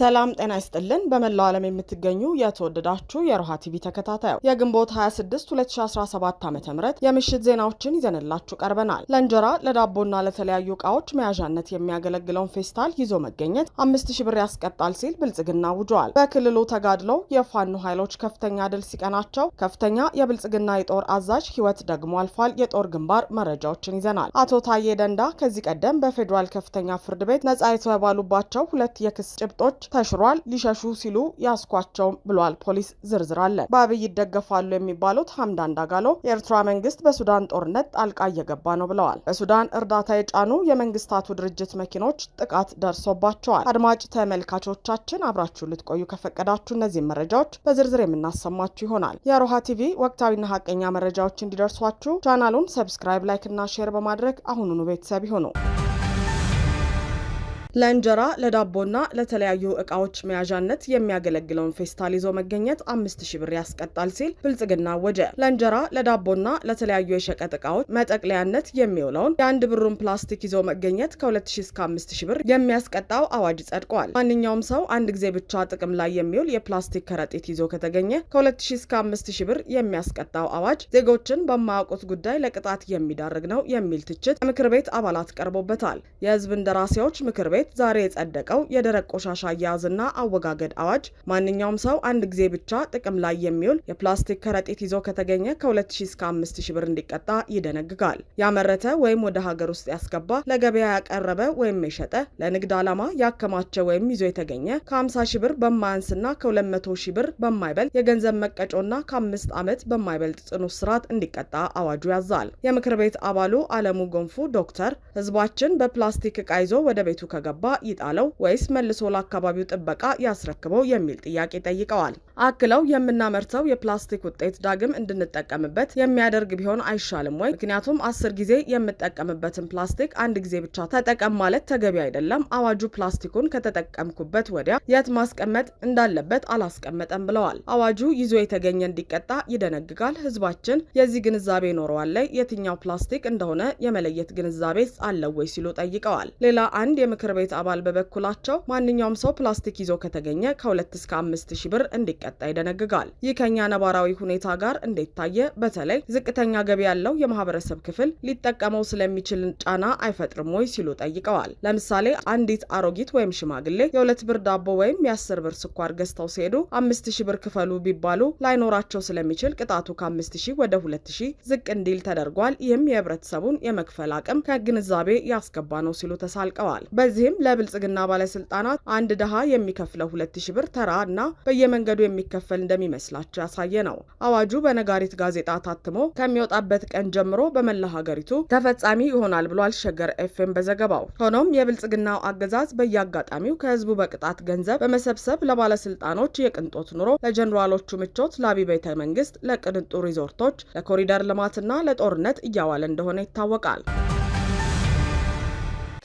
ሰላም ጤና ይስጥልን። በመላው ዓለም የምትገኙ የተወደዳችሁ የሮሃ ቲቪ ተከታታዩ የግንቦት 26 2017 ዓ ም የምሽት ዜናዎችን ይዘንላችሁ ቀርበናል። ለእንጀራ ለዳቦና ለተለያዩ እቃዎች መያዣነት የሚያገለግለውን ፌስታል ይዞ መገኘት አምስት ሺ ብር ያስቀጣል ሲል ብልጽግና አውጇል። በክልሉ ተጋድለው የፋኖ ኃይሎች ከፍተኛ ድል ሲቀናቸው ከፍተኛ የብልጽግና የጦር አዛዥ ህይወት ደግሞ አልፏል። የጦር ግንባር መረጃዎችን ይዘናል። አቶ ታዬ ደንዳ ከዚህ ቀደም በፌዴራል ከፍተኛ ፍርድ ቤት ነጻ የተባሉባቸው ሁለት የክስ ጭብጦች ተሽሯል፣ ሊሸሹ ሲሉ ያስኳቸውም ብሏል ፖሊስ። ዝርዝር አለ። በአብይ ይደገፋሉ የሚባሉት ሐምዳን ዳጋሎ የኤርትራ መንግስት በሱዳን ጦርነት ጣልቃ እየገባ ነው ብለዋል። በሱዳን እርዳታ የጫኑ የመንግስታቱ ድርጅት መኪኖች ጥቃት ደርሶባቸዋል። አድማጭ ተመልካቾቻችን አብራችሁ ልትቆዩ ከፈቀዳችሁ እነዚህን መረጃዎች በዝርዝር የምናሰማችሁ ይሆናል። የሮሃ ቲቪ ወቅታዊና ሀቀኛ መረጃዎች እንዲደርሷችሁ ቻናሉን ሰብስክራይብ፣ ላይክ እና ሼር በማድረግ አሁኑኑ ቤተሰብ ይሁኑ። ለእንጀራ ለዳቦና ለተለያዩ እቃዎች መያዣነት የሚያገለግለውን ፌስታል ይዞ መገኘት አምስት ሺህ ብር ያስቀጣል ሲል ብልጽግና ወጀ። ለእንጀራ ለዳቦና ለተለያዩ የሸቀጥ እቃዎች መጠቅለያነት የሚውለውን የአንድ ብሩን ፕላስቲክ ይዞ መገኘት ከ2 እስከ 5 ሺህ ብር የሚያስቀጣው አዋጅ ጸድቋል። ማንኛውም ሰው አንድ ጊዜ ብቻ ጥቅም ላይ የሚውል የፕላስቲክ ከረጢት ይዞ ከተገኘ ከ2 እስከ 5 ሺህ ብር የሚያስቀጣው አዋጅ ዜጎችን በማያውቁት ጉዳይ ለቅጣት የሚዳርግ ነው የሚል ትችት ምክር ቤት አባላት ቀርቦበታል። የህዝብ እንደራሴዎች ምክር ቤት ቤት ዛሬ የጸደቀው የደረቅ ቆሻሻ አያያዝና አወጋገድ አዋጅ ማንኛውም ሰው አንድ ጊዜ ብቻ ጥቅም ላይ የሚውል የፕላስቲክ ከረጢት ይዞ ከተገኘ ከ2000 እስከ 5000 ብር እንዲቀጣ ይደነግጋል። ያመረተ ወይም ወደ ሀገር ውስጥ ያስገባ፣ ለገበያ ያቀረበ ወይም የሸጠ፣ ለንግድ ዓላማ ያከማቸ ወይም ይዞ የተገኘ ከ50 ሺ ብር በማያንስና ከ200 ሺ ብር በማይበልጥ የገንዘብ መቀጮና ከአምስት ዓመት በማይበልጥ ጽኑ እስራት እንዲቀጣ አዋጁ ያዛል። የምክር ቤት አባሉ አለሙ ጎንፉ ዶክተር ህዝባችን በፕላስቲክ እቃ ይዞ ወደ ቤቱ ከገባ ካገባ ይጣለው ወይስ መልሶ ለአካባቢው ጥበቃ ያስረክበው የሚል ጥያቄ ጠይቀዋል። አክለው የምናመርተው የፕላስቲክ ውጤት ዳግም እንድንጠቀምበት የሚያደርግ ቢሆን አይሻልም ወይ? ምክንያቱም አስር ጊዜ የምጠቀምበትን ፕላስቲክ አንድ ጊዜ ብቻ ተጠቀም ማለት ተገቢ አይደለም። አዋጁ ፕላስቲኩን ከተጠቀምኩበት ወዲያ የት ማስቀመጥ እንዳለበት አላስቀመጠም ብለዋል። አዋጁ ይዞ የተገኘ እንዲቀጣ ይደነግጋል። ህዝባችን የዚህ ግንዛቤ ኖረዋል ላይ የትኛው ፕላስቲክ እንደሆነ የመለየት ግንዛቤ አለው ወይ ሲሉ ጠይቀዋል። ሌላ አንድ የምክር ቤት አባል በበኩላቸው ማንኛውም ሰው ፕላስቲክ ይዞ ከተገኘ ከሁለት እስከ 5 ሺህ ብር እንዲቀጣ ይደነግጋል። ይህ ከኛ ነባራዊ ሁኔታ ጋር እንዴት ታየ? በተለይ ዝቅተኛ ገቢ ያለው የማህበረሰብ ክፍል ሊጠቀመው ስለሚችል ጫና አይፈጥርም ወይ ሲሉ ጠይቀዋል። ለምሳሌ አንዲት አሮጊት ወይም ሽማግሌ የሁለት ብር ዳቦ ወይም የአስር ብር ስኳር ገዝተው ሲሄዱ አምስት ብር ክፈሉ ቢባሉ ላይኖራቸው ስለሚችል ቅጣቱ ከአምስት ሺህ ወደ ሁለት ሺህ ዝቅ እንዲል ተደርጓል። ይህም የህብረተሰቡን የመክፈል አቅም ከግንዛቤ ያስገባ ነው ሲሉ ተሳልቀዋል። በዚህ በዚህም ለብልጽግና ባለስልጣናት አንድ ድሃ የሚከፍለው ሁለት ሺ ብር ተራ እና በየመንገዱ የሚከፈል እንደሚመስላቸው ያሳየ ነው። አዋጁ በነጋሪት ጋዜጣ ታትሞ ከሚወጣበት ቀን ጀምሮ በመላ ሀገሪቱ ተፈጻሚ ይሆናል ብሏል ሸገር ኤፍኤም በዘገባው። ሆኖም የብልጽግናው አገዛዝ በየአጋጣሚው ከህዝቡ በቅጣት ገንዘብ በመሰብሰብ ለባለስልጣኖች የቅንጦት ኑሮ፣ ለጀኔራሎቹ ምቾት፣ ለአብይ ቤተ መንግስት፣ ለቅንጡ ሪዞርቶች፣ ለኮሪደር ልማትና ለጦርነት እያዋለ እንደሆነ ይታወቃል።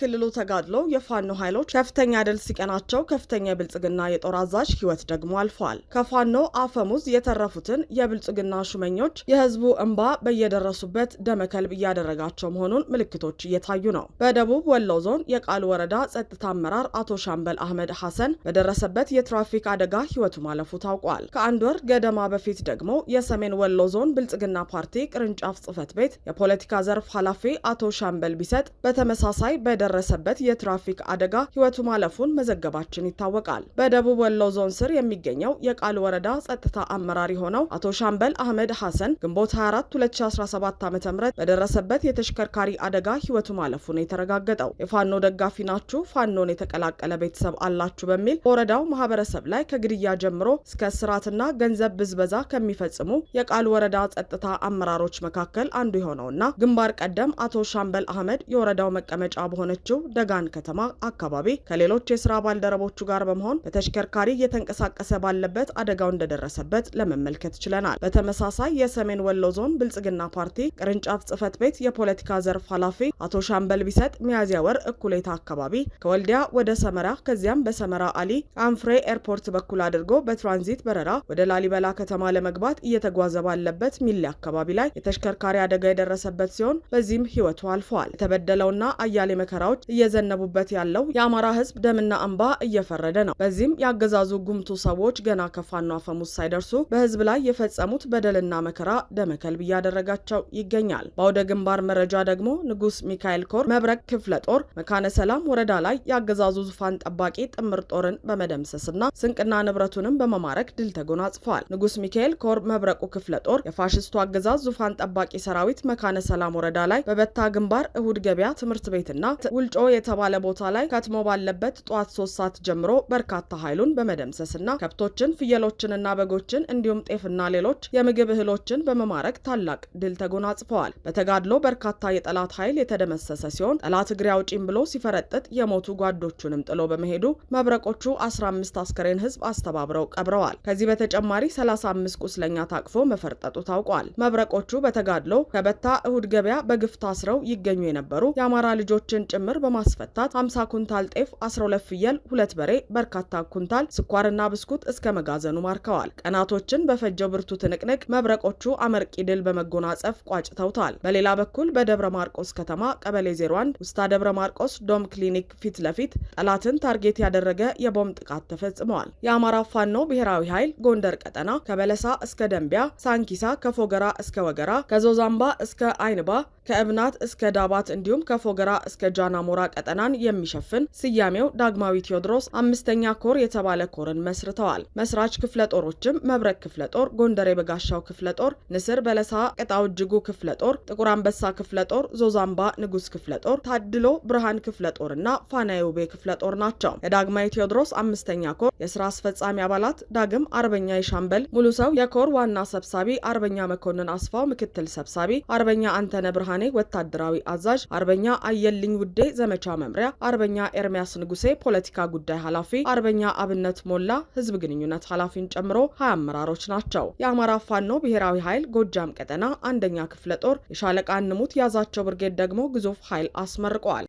ክልሉ ተጋድሎ የፋኖ ኃይሎች ከፍተኛ ድል ሲቀናቸው ከፍተኛ የብልጽግና የጦር አዛዥ ህይወት ደግሞ አልፏል። ከፋኖ አፈሙዝ የተረፉትን የብልጽግና ሹመኞች የህዝቡ እንባ በየደረሱበት ደመከልብ እያደረጋቸው መሆኑን ምልክቶች እየታዩ ነው። በደቡብ ወሎ ዞን የቃል ወረዳ ጸጥታ አመራር አቶ ሻምበል አህመድ ሐሰን በደረሰበት የትራፊክ አደጋ ህይወቱ ማለፉ ታውቋል። ከአንድ ወር ገደማ በፊት ደግሞ የሰሜን ወሎ ዞን ብልጽግና ፓርቲ ቅርንጫፍ ጽህፈት ቤት የፖለቲካ ዘርፍ ኃላፊ አቶ ሻምበል ቢሰጥ በተመሳሳይ በደረ በደረሰበት የትራፊክ አደጋ ህይወቱ ማለፉን መዘገባችን ይታወቃል። በደቡብ ወሎ ዞን ስር የሚገኘው የቃል ወረዳ ጸጥታ አመራር የሆነው አቶ ሻምበል አህመድ ሐሰን ግንቦት 24 2017 ም በደረሰበት የተሽከርካሪ አደጋ ህይወቱ ማለፉ ነው የተረጋገጠው። የፋኖ ደጋፊ ናችሁ፣ ፋኖን የተቀላቀለ ቤተሰብ አላችሁ በሚል በወረዳው ማህበረሰብ ላይ ከግድያ ጀምሮ እስከ ስራትና ገንዘብ ብዝበዛ ከሚፈጽሙ የቃል ወረዳ ጸጥታ አመራሮች መካከል አንዱ የሆነውና ግንባር ቀደም አቶ ሻምበል አህመድ የወረዳው መቀመጫ በሆነች በሆነችው ደጋን ከተማ አካባቢ ከሌሎች የስራ ባልደረቦቹ ጋር በመሆን በተሽከርካሪ እየተንቀሳቀሰ ባለበት አደጋው እንደደረሰበት ለመመልከት ችለናል። በተመሳሳይ የሰሜን ወሎ ዞን ብልጽግና ፓርቲ ቅርንጫፍ ጽህፈት ቤት የፖለቲካ ዘርፍ ኃላፊ አቶ ሻምበል ቢሰጥ ሚያዝያ ወር እኩሌታ አካባቢ ከወልዲያ ወደ ሰመራ ከዚያም በሰመራ አሊ አንፍሬ ኤርፖርት በኩል አድርጎ በትራንዚት በረራ ወደ ላሊበላ ከተማ ለመግባት እየተጓዘ ባለበት ሚሌ አካባቢ ላይ የተሽከርካሪ አደጋ የደረሰበት ሲሆን በዚህም ህይወቱ አልፈዋል። የተበደለውና አያሌ መከራው መረጃዎች እየዘነቡበት ያለው የአማራ ህዝብ ደምና እንባ እየፈረደ ነው። በዚህም የአገዛዙ ጉምቱ ሰዎች ገና ከፋኖ አፈሙዝ ሳይደርሱ በህዝብ ላይ የፈጸሙት በደልና መከራ ደመከልብ እያደረጋቸው ይገኛል። በአውደ ግንባር መረጃ ደግሞ ንጉስ ሚካኤል ኮር መብረቅ ክፍለ ጦር መካነ ሰላም ወረዳ ላይ የአገዛዙ ዙፋን ጠባቂ ጥምር ጦርን በመደምሰስና ስንቅና ንብረቱንም በመማረክ ድል ተጎናጽፏል። ንጉስ ሚካኤል ኮር መብረቁ ክፍለ ጦር የፋሽስቱ አገዛዝ ዙፋን ጠባቂ ሰራዊት መካነ ሰላም ወረዳ ላይ በበታ ግንባር እሁድ ገበያ ትምህርት ቤትና ውልጮ የተባለ ቦታ ላይ ከትሞ ባለበት ጠዋት ሶስት ሰዓት ጀምሮ በርካታ ኃይሉን በመደምሰስና ከብቶችን፣ ፍየሎችንና በጎችን እንዲሁም ጤፍና ሌሎች የምግብ እህሎችን በመማረክ ታላቅ ድል ተጎናጽፈዋል። በተጋድሎ በርካታ የጠላት ኃይል የተደመሰሰ ሲሆን ጠላት እግሬ አውጪም ብሎ ሲፈረጥጥ የሞቱ ጓዶቹንም ጥሎ በመሄዱ መብረቆቹ 15 አስከሬን ህዝብ አስተባብረው ቀብረዋል። ከዚህ በተጨማሪ 35 ቁስለኛ ታቅፎ መፈርጠጡ ታውቋል። መብረቆቹ በተጋድሎ ከበታ እሁድ ገበያ በግፍ ታስረው ይገኙ የነበሩ የአማራ ልጆችን ጭምር ጭምር በማስፈታት 50 ኩንታል ጤፍ፣ 12 ፍየል፣ ሁለት በሬ፣ በርካታ ኩንታል ስኳርና ብስኩት እስከ መጋዘኑ ማርከዋል። ቀናቶችን በፈጀው ብርቱ ትንቅንቅ መብረቆቹ አመርቂ ድል በመጎናጸፍ ቋጭተውታል። በሌላ በኩል በደብረ ማርቆስ ከተማ ቀበሌ 01 ውስታ ደብረ ማርቆስ ዶም ክሊኒክ ፊት ለፊት ጠላትን ታርጌት ያደረገ የቦምብ ጥቃት ተፈጽመዋል። የአማራ ፋኖ ብሔራዊ ኃይል ጎንደር ቀጠና ከበለሳ እስከ ደንቢያ፣ ሳንኪሳ ከፎገራ እስከ ወገራ፣ ከዞዛምባ እስከ አይንባ፣ ከእብናት እስከ ዳባት እንዲሁም ከፎገራ እስከ ጃን የጣና ሞራ ቀጠናን የሚሸፍን ስያሜው ዳግማዊ ቴዎድሮስ አምስተኛ ኮር የተባለ ኮርን መስርተዋል። መስራች ክፍለ ጦሮችም መብረቅ ክፍለ ጦር፣ ጎንደር የበጋሻው ክፍለ ጦር፣ ንስር በለሳ ቅጣው እጅጉ ክፍለ ጦር፣ ጥቁር አንበሳ ክፍለ ጦር፣ ዞዛምባ ንጉስ ክፍለ ጦር፣ ታድሎ ብርሃን ክፍለ ጦር እና ፋናውቤ ክፍለ ጦር ናቸው። የዳግማዊ ቴዎድሮስ አምስተኛ ኮር የስራ አስፈጻሚ አባላት ዳግም አርበኛ የሻምበል ሙሉ ሰው የኮር ዋና ሰብሳቢ፣ አርበኛ መኮንን አስፋው ምክትል ሰብሳቢ፣ አርበኛ አንተነ ብርሃኔ ወታደራዊ አዛዥ፣ አርበኛ አየልኝ ውዴ ዘመቻ መምሪያ አርበኛ ኤርሚያስ ንጉሴ ፖለቲካ ጉዳይ ኃላፊ፣ አርበኛ አብነት ሞላ ህዝብ ግንኙነት ኃላፊን ጨምሮ ሀያ አመራሮች ናቸው። የአማራ ፋኖ ብሔራዊ ኃይል ጎጃም ቀጠና አንደኛ ክፍለ ጦር የሻለቃ ንሙት፣ ያዛቸው ብርጌድ ደግሞ ግዙፍ ኃይል አስመርቀዋል።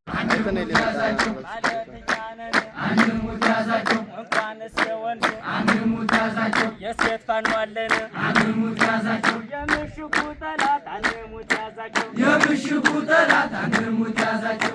የምሽጉ ጠላት አንሙት ያዛቸው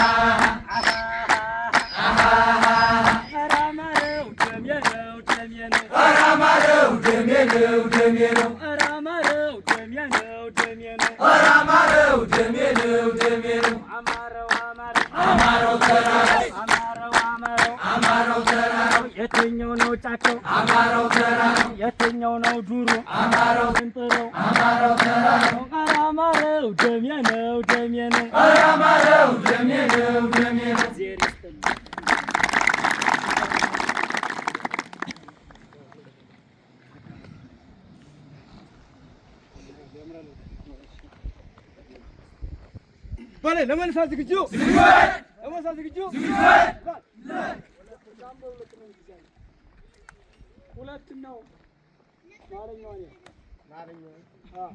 ደሜ ነው ደሜ ነው ኧረ አማረው ደሜ ነው ደሜ ነው ኧረ አማረው ደሜ ነው ደሜ ነው ኧረ አማረው ነው ደሜ ነው አማረው አማረው ተራራው አማረው አማረው አማረው ተራራው የትኛው ነው ጫካው አማረው ተራራው የትኛው ነው ዱሩ አማረው እንጥረው አማረው ተራራው ኧረ አማረው ደሜ ነው ደሜ ነው ኧረ አማረው ደሜ ነው ደሜ ነው ባለ ለመልሳት ዝግጁ ለመልሳት ዝግጁ ሁለት ነው ማለኛው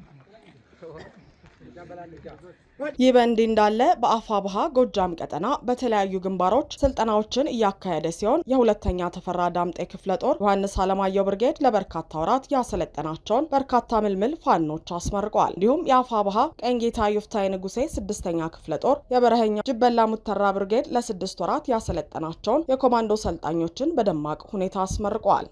ይህ በእንዲህ እንዳለ በአፋብሃ ጎጃም ቀጠና በተለያዩ ግንባሮች ስልጠናዎችን እያካሄደ ሲሆን የሁለተኛ ተፈራ ዳምጤ ክፍለ ጦር ዮሐንስ አለማየሁ ብርጌድ ለበርካታ ወራት ያሰለጠናቸውን በርካታ ምልምል ፋኖች አስመርቀዋል። እንዲሁም ባሀ ቀንጌታ ዩፍታይ ንጉሴ ስድስተኛ ክፍለ ጦር የበረሀኛ ጅበላ ሙተራ ብርጌድ ለስድስት ወራት ያሰለጠናቸውን የኮማንዶ ሰልጣኞችን በደማቅ ሁኔታ አስመርቀዋል።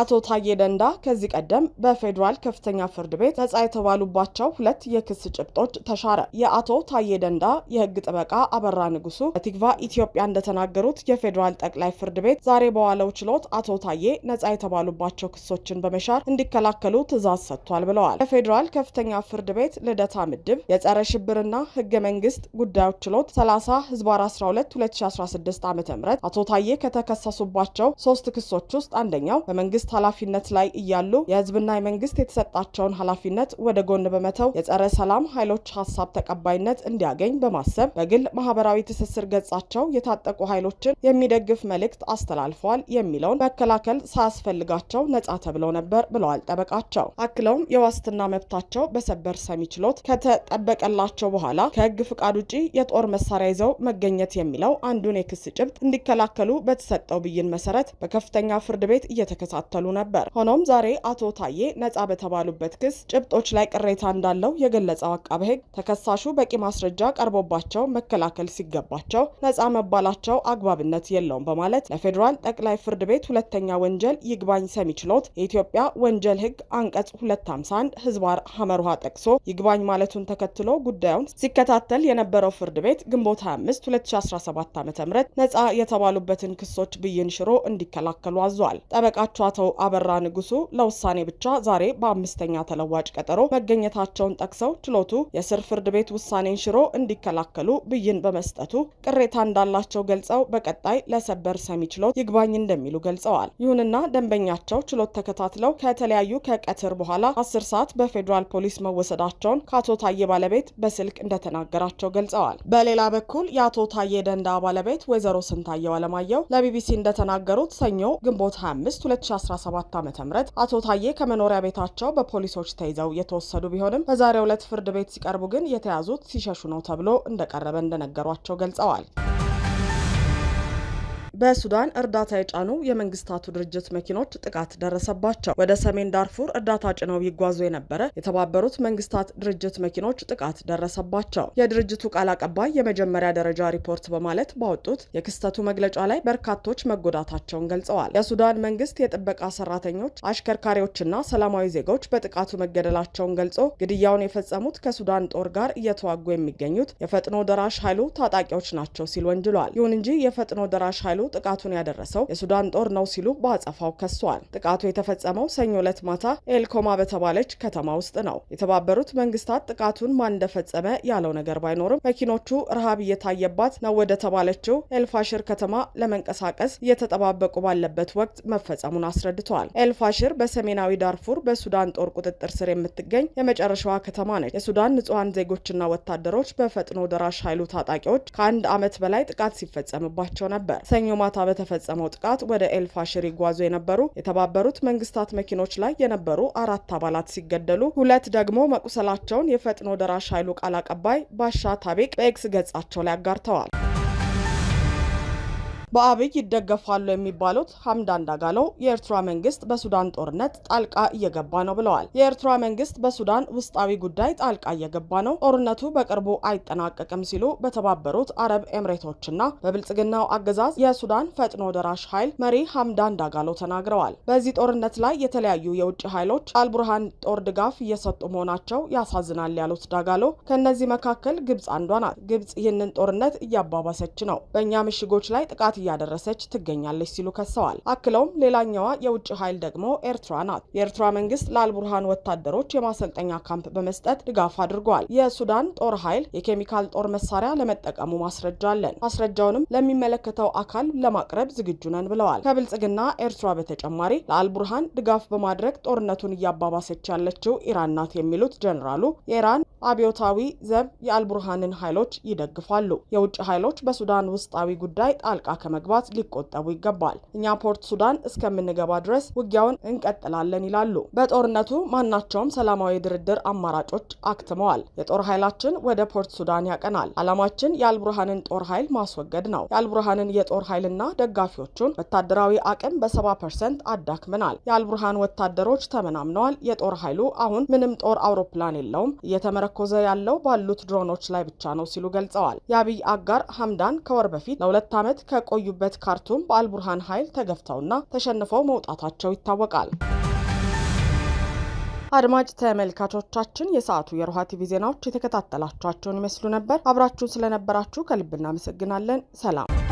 አቶ ታዬ ደንዳ ከዚህ ቀደም በፌዴራል ከፍተኛ ፍርድ ቤት ነጻ የተባሉባቸው ሁለት የክስ ጭብጦች ተሻረ። የአቶ ታዬ ደንዳ የህግ ጥበቃ አበራ ንጉሱ በቲግቫ ኢትዮጵያ እንደተናገሩት የፌዴራል ጠቅላይ ፍርድ ቤት ዛሬ በዋለው ችሎት አቶ ታዬ ነጻ የተባሉባቸው ክሶችን በመሻር እንዲከላከሉ ትዕዛዝ ሰጥቷል ብለዋል። የፌዴራል ከፍተኛ ፍርድ ቤት ልደታ ምድብ የጸረ ሽብርና ህገ መንግስት ጉዳዮች ችሎት 30 ህዝባር 12 2016 ዓ ም አቶ ታዬ ከተከሰሱባቸው ሶስት ክሶች ውስጥ አንደኛው በመንግስት መንግስት ኃላፊነት ላይ እያሉ የህዝብና የመንግስት የተሰጣቸውን ኃላፊነት ወደ ጎን በመተው የጸረ ሰላም ኃይሎች ሀሳብ ተቀባይነት እንዲያገኝ በማሰብ በግል ማህበራዊ ትስስር ገጻቸው የታጠቁ ኃይሎችን የሚደግፍ መልእክት አስተላልፈዋል የሚለውን መከላከል ሳያስፈልጋቸው ነጻ ተብለው ነበር ብለዋል ጠበቃቸው። አክለውም የዋስትና መብታቸው በሰበር ሰሚ ችሎት ከተጠበቀላቸው በኋላ ከህግ ፍቃድ ውጪ የጦር መሳሪያ ይዘው መገኘት የሚለው አንዱን የክስ ጭብጥ እንዲከላከሉ በተሰጠው ብይን መሰረት በከፍተኛ ፍርድ ቤት እየተከታተሉ ሲከታተሉ ነበር። ሆኖም ዛሬ አቶ ታዬ ነጻ በተባሉበት ክስ ጭብጦች ላይ ቅሬታ እንዳለው የገለጸው አቃቤ ሕግ ተከሳሹ በቂ ማስረጃ ቀርቦባቸው መከላከል ሲገባቸው ነጻ መባላቸው አግባብነት የለውም በማለት ለፌዴራል ጠቅላይ ፍርድ ቤት ሁለተኛ ወንጀል ይግባኝ ሰሚ ችሎት የኢትዮጵያ ወንጀል ሕግ አንቀጽ 251 ህዝባር ሐመርሃ ጠቅሶ ይግባኝ ማለቱን ተከትሎ ጉዳዩን ሲከታተል የነበረው ፍርድ ቤት ግንቦት 25 2017 ዓ.ም ነጻ የተባሉበትን ክሶች ብይን ሽሮ እንዲከላከሉ አዟል። ጠበቃቸው አቶ አቶ አበራ ንጉሱ ለውሳኔ ብቻ ዛሬ በአምስተኛ ተለዋጭ ቀጠሮ መገኘታቸውን ጠቅሰው ችሎቱ የስር ፍርድ ቤት ውሳኔን ሽሮ እንዲከላከሉ ብይን በመስጠቱ ቅሬታ እንዳላቸው ገልጸው በቀጣይ ለሰበር ሰሚ ችሎት ይግባኝ እንደሚሉ ገልጸዋል። ይሁንና ደንበኛቸው ችሎት ተከታትለው ከተለያዩ ከቀትር በኋላ አስር ሰዓት በፌዴራል ፖሊስ መወሰዳቸውን ከአቶ ታዬ ባለቤት በስልክ እንደተናገራቸው ገልጸዋል። በሌላ በኩል የአቶ ታዬ ደንዳ ባለቤት ወይዘሮ ስንታየው አለማየሁ ለቢቢሲ እንደተናገሩት ሰኞ ግንቦት 25 2017 2017 ዓ.ም አቶ ታዬ ከመኖሪያ ቤታቸው በፖሊሶች ተይዘው የተወሰዱ ቢሆንም በዛሬው ዕለት ፍርድ ቤት ሲቀርቡ ግን የተያዙት ሲሸሹ ነው ተብሎ እንደቀረበ እንደነገሯቸው ገልጸዋል። በሱዳን እርዳታ የጫኑ የመንግስታቱ ድርጅት መኪኖች ጥቃት ደረሰባቸው። ወደ ሰሜን ዳርፉር እርዳታ ጭነው ይጓዙ የነበረ የተባበሩት መንግስታት ድርጅት መኪኖች ጥቃት ደረሰባቸው። የድርጅቱ ቃል አቀባይ የመጀመሪያ ደረጃ ሪፖርት በማለት ባወጡት የክስተቱ መግለጫ ላይ በርካቶች መጎዳታቸውን ገልጸዋል። የሱዳን መንግስት የጥበቃ ሰራተኞች፣ አሽከርካሪዎችና ሰላማዊ ዜጎች በጥቃቱ መገደላቸውን ገልጾ ግድያውን የፈጸሙት ከሱዳን ጦር ጋር እየተዋጉ የሚገኙት የፈጥኖ ደራሽ ኃይሉ ታጣቂዎች ናቸው ሲል ወንጅሏል። ይሁን እንጂ የፈጥኖ ደራሽ ኃይሉ ኃይሉ ጥቃቱን ያደረሰው የሱዳን ጦር ነው ሲሉ በአጸፋው ከሷል። ጥቃቱ የተፈጸመው ሰኞ ዕለት ማታ ኤልኮማ በተባለች ከተማ ውስጥ ነው። የተባበሩት መንግስታት ጥቃቱን ማን እንደፈጸመ ያለው ነገር ባይኖርም መኪኖቹ ረሃብ እየታየባት ነው ወደ ተባለችው ኤልፋሽር ከተማ ለመንቀሳቀስ እየተጠባበቁ ባለበት ወቅት መፈጸሙን አስረድተዋል። ኤልፋሽር በሰሜናዊ ዳርፉር በሱዳን ጦር ቁጥጥር ስር የምትገኝ የመጨረሻዋ ከተማ ነች። የሱዳን ንጹሐን ዜጎችና ወታደሮች በፈጥኖ ደራሽ ኃይሉ ታጣቂዎች ከአንድ ዓመት በላይ ጥቃት ሲፈጸምባቸው ነበር። ሰኞ ሰኞ ማታ በተፈጸመው ጥቃት ወደ ኤልፋሽር ይጓዙ የነበሩ የተባበሩት መንግስታት መኪኖች ላይ የነበሩ አራት አባላት ሲገደሉ ሁለት ደግሞ መቁሰላቸውን የፈጥኖ ደራሽ ኃይሉ ቃል አቀባይ ባሻ ታቤቅ በኤክስ ገጻቸው ላይ አጋርተዋል። በአብይ ይደገፋሉ የሚባሉት ሐምዳን ዳጋሎ የኤርትራ መንግስት በሱዳን ጦርነት ጣልቃ እየገባ ነው ብለዋል። የኤርትራ መንግስት በሱዳን ውስጣዊ ጉዳይ ጣልቃ እየገባ ነው፣ ጦርነቱ በቅርቡ አይጠናቀቅም ሲሉ በተባበሩት አረብ ኤምሬቶችና በብልጽግናው አገዛዝ የሱዳን ፈጥኖ ደራሽ ኃይል መሪ ሀምዳን ዳጋሎ ተናግረዋል። በዚህ ጦርነት ላይ የተለያዩ የውጭ ኃይሎች አልቡርሃን ጦር ድጋፍ እየሰጡ መሆናቸው ያሳዝናል ያሉት ዳጋሎ ከእነዚህ መካከል ግብጽ አንዷ ናት። ግብጽ ይህንን ጦርነት እያባባሰች ነው። በእኛ ምሽጎች ላይ ጥቃት እያደረሰች ትገኛለች ሲሉ ከሰዋል። አክለውም ሌላኛዋ የውጭ ኃይል ደግሞ ኤርትራ ናት። የኤርትራ መንግስት ለአልቡርሃን ወታደሮች የማሰልጠኛ ካምፕ በመስጠት ድጋፍ አድርጓል። የሱዳን ጦር ኃይል የኬሚካል ጦር መሳሪያ ለመጠቀሙ ማስረጃ አለን። ማስረጃውንም ለሚመለከተው አካል ለማቅረብ ዝግጁ ነን ብለዋል። ከብልጽግና ኤርትራ በተጨማሪ ለአልቡርሃን ድጋፍ በማድረግ ጦርነቱን እያባባሰች ያለችው ኢራን ናት የሚሉት ጀኔራሉ የኢራን አብዮታዊ ዘብ የአልቡርሃንን ኃይሎች ይደግፋሉ። የውጭ ኃይሎች በሱዳን ውስጣዊ ጉዳይ ጣልቃ ከመግባት ሊቆጠቡ ይገባል። እኛ ፖርት ሱዳን እስከምንገባ ድረስ ውጊያውን እንቀጥላለን ይላሉ። በጦርነቱ ማናቸውም ሰላማዊ ድርድር አማራጮች አክትመዋል። የጦር ኃይላችን ወደ ፖርት ሱዳን ያቀናል። ዓላማችን የአልቡርሃንን ጦር ኃይል ማስወገድ ነው። የአልቡርሃንን የጦር ኃይልና ደጋፊዎቹን ወታደራዊ አቅም በሰባ ፐርሰንት አዳክመናል። የአልቡርሃን ወታደሮች ተመናምነዋል። የጦር ኃይሉ አሁን ምንም ጦር አውሮፕላን የለውም። እየተመረኮዘ ያለው ባሉት ድሮኖች ላይ ብቻ ነው ሲሉ ገልጸዋል። የአብይ አጋር ሐምዳን ከወር በፊት ለሁለት ዓመት ከቆዩ የቆዩበት ካርቱም በአልቡርሃን ኃይል ተገፍተውና ተሸንፈው መውጣታቸው ይታወቃል። አድማጭ ተመልካቾቻችን የሰዓቱ የሮሃ ቲቪ ዜናዎች የተከታተላችኋቸውን ይመስሉ ነበር። አብራችሁን ስለነበራችሁ ከልብ እናመሰግናለን። ሰላም